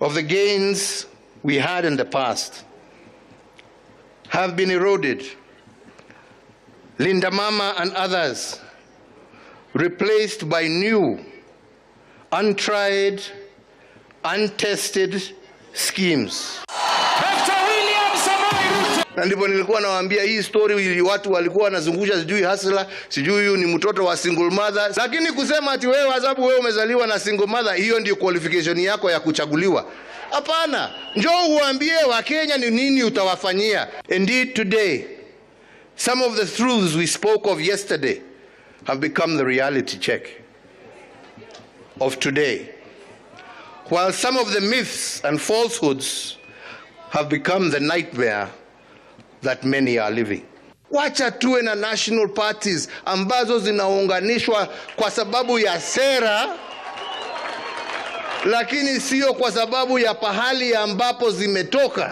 of the gains we had in the past have been eroded. Linda Mama and others replaced by new, untried, untested schemes. na ndipo nilikuwa nawaambia hii story ili watu walikuwa wanazungusha, sijui hasla, sijui huyu ni mtoto wa single mother. Lakini kusema ati wewe sababu wewe umezaliwa na single mother, hiyo ndio qualification yako ya kuchaguliwa? Hapana, njoo uambie Wakenya ni nini utawafanyia. Indeed today some of the truths we spoke of yesterday have become the reality check of today while some of the myths and falsehoods have become the nightmare that many are living. Wacha tuwe na national parties ambazo zinaunganishwa kwa sababu ya sera, lakini sio kwa sababu ya pahali ambapo zimetoka.